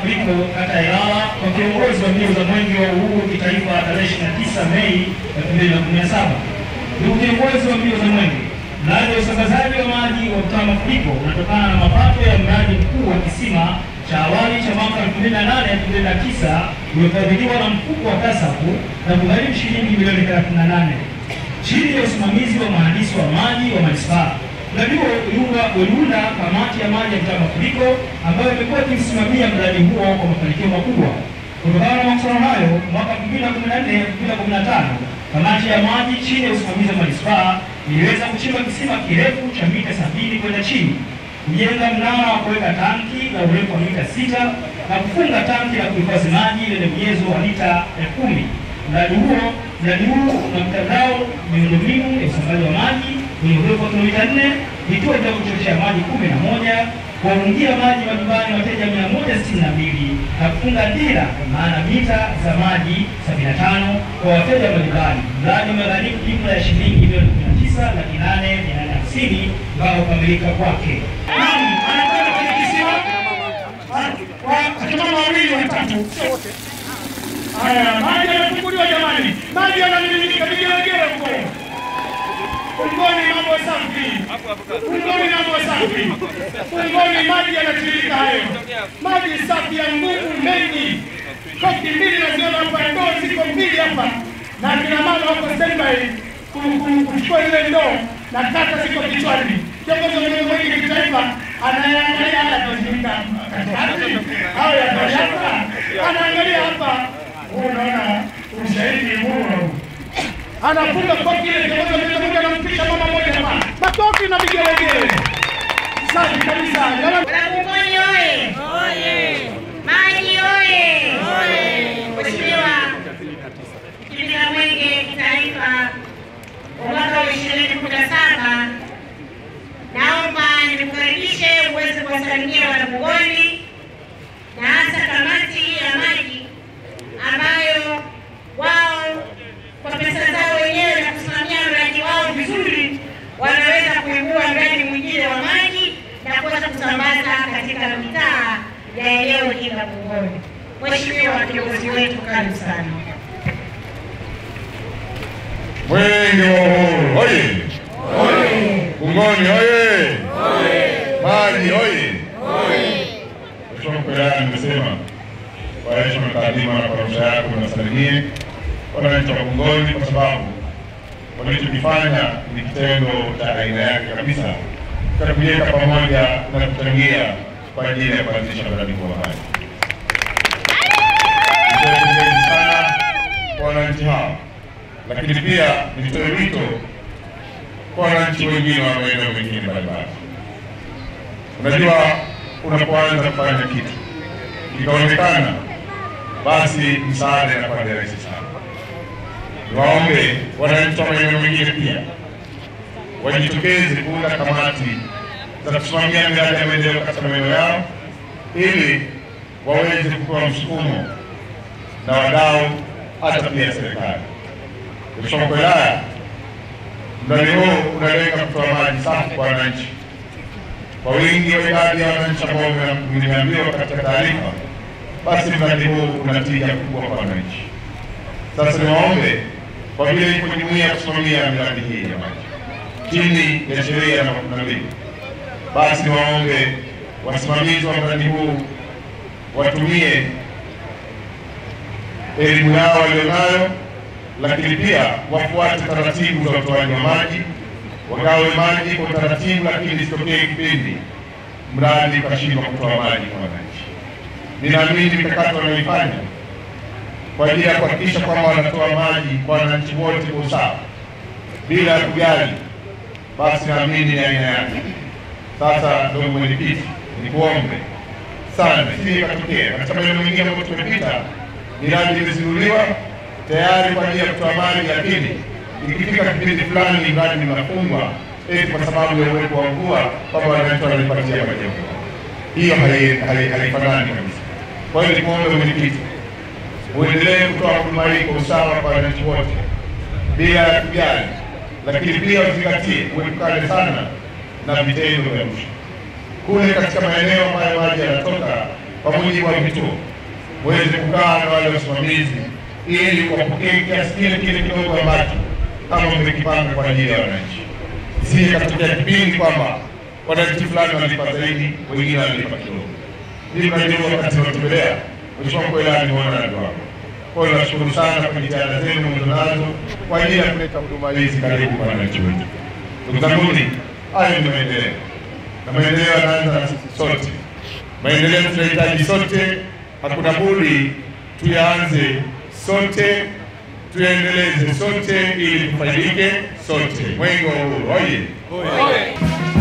kuliko kata ya Ilala, kwa kiongozi wa mbio za Mwenge wa Uhuru kitaifa tarehe 29 Mei 2017. Ndugu kiongozi wa mbio za Mwenge, mradi wa usambazaji wa maji wa mtaa Mkwipo unatokana na mapato ya mradi mkuu wa kisima cha awali cha mwaka 2008-2009 uliofadhiliwa na mfuko wa Kasafu na kugharimu shilingi milioni 38 chini ya usimamizi wa mhandisi wa maji wa manispaa. Mradi huo uliunda kamati ya maji ya mtaa Mafuriko ambayo imekuwa ikisimamia mradi huo kwa mafanikio makubwa. Kutokana na masuala hayo, mwaka 2014 2015 kamati ya maji chini ya usimamizi wa manispaa iliweza kuchimba kisima kirefu cha mita sabini kwenda chini, kujenga mnara wa kuweka tanki la urefu wa mita sita na kufunga tanki la kuhifadhi maji lenye ujazo wa lita elfu kumi. Mradi huo mradi huu na mtandao miundombinu ya usambazaji wa maji wenye urefu wa kilomita nne kituo cha kuchochea maji kumi na moja kuwaungia maji majumbani wateja mia moja sitini na mbili na kufunga dira maana mita za maji 75 kwa wateja mbalimbali. Mradi umegharimu jumla ya shilingi milioni 19 laki nane mia nane hamsini mpaka kukamilika kwake. Akina mama wawili watatu, haya maji yanachukuliwa jamani, maji yanamiminika vigelegele huko kulikoni mambo safi, kulikoni mambo safi, kulikoni maji yanatiririka hayo, maji safi ya nguvu mengi. Koki mbili naziona hapa, ndoo ziko mbili hapa, na kina mama wako standby kuchukua zile ndoo na kata ziko kichwani. Kiongozi wa vyombo vingi kitaifa anayeangalia haya yanatumika katikati au yanatoka, anaangalia hapa, unaona ushahidi huo anafunga kofi ile kiongozi mmoja mmoja anampisha mama mmoja hapa. Makofi na vigelegele. Safi kabisa. Wanakukoni oye. Oye. Maji oye. Oye. Mheshimiwa Mwenge kitaifa mwaka wa ishirini kumi na saba naomba uweze kuwasalimia katika mitaa ya eneo hili la mmoja. Mheshimiwa, kiongozi wetu, karibu sana. Mwenge wa Uhuru oye! Bungoni oye! Maji oye! Mheshimiwa Mkolela amesema kwa heshima taadhima na kwa rusha yako unasalimie wananchi wa Bungoni kwa sababu walichokifanya ni kitendo cha aina yake kabisa, tutakujenga pamoja na kuchangia kwa ajili ya kuanzisha mradi huu wa maji. wananchi hao, lakini pia nitoe wito kwa wananchi wengine wa maeneo mengine mbalimbali. Unajua, unapoanza kufanya kitu kikaonekana, basi msaada inakuwa ni rahisi sana. Niwaombe wananchi wa maeneo mengine pia wajitokeze kuunda kamati za kusimamia miradi ya maendeleo katika maeneo yao ili waweze kupewa msukumo na wadau hata pia serikali. Mheshimiwa Mkuu wa Wilaya, mradi huu unalenga kutoa maji safi kwa wananchi kwa wingi wa idadi ya wananchi ambao mmeambiwa katika taarifa, basi mradi huu una tija kubwa kwa wananchi. Sasa niwaombe kwa vile iko jumuiya ya kusimamia miradi hii ya maji chini ya sheria ya makumi na mbili basi waombe wasimamizi wa mradi huu watumie elimu yao walionayo, lakini pia wafuate taratibu za utoaji wa maji, wagawe maji kwa taratibu, lakini isitokee kipindi mradi ukashindwa kutoa maji kwa wananchi. Ninaamini mikakati wanayoifanya kwa ajili ya kuhakikisha kwamba wanatoa maji kwa wananchi wote kwa usawa bila ya kujali, basi naamini ni aina yake sasa ndio mwenyekiti, nikuombe sana, sisi katokea katika maeneo mengine ambayo tumepita miradi imezinduliwa tayari kwa ajili ya kutoa mali, lakini ikifika kipindi fulani miradi inafungwa eti kwa sababu ya uwepo wa mvua, kwamba wananchi wanaipatia majengo. Hiyo haifanani kabisa. Kwa hiyo nikuombe mwenyekiti, uendelee kutoa huduma hii kwa usawa kwa wananchi wote bila ya kujali, lakini pia uzingatie uepukane sana na vitendo vya rushwa kule katika maeneo ambayo maji yanatoka, kwa mujibu wa vituo, mweze kukaa na wale wasimamizi ili kuwapokea kiasi kile kile kidogo ambacho kama mmekipanga kwa ajili ya wananchi. Sisi katika kipindi kwamba wananchi fulani wanalipa zaidi, wengine wanalipa kidogo. Hivi najua wakati natembelea Mheshimiwa Mkwela nimeona na wako kwa hiyo nashukuru sana kwa jitihada zenu mlizonazo kwa ajili ya kuleta huduma hizi karibu kwa wananchi wetu. Ndugu zanguni Hayo ni maendeleo, na maendeleo yanaanza sote. Maendeleo tunahitaji sote, hakuna budi tuyaanze sote, tuyaendeleze sote, ili tufaidike sote. Mwenge wa Uhuru oye!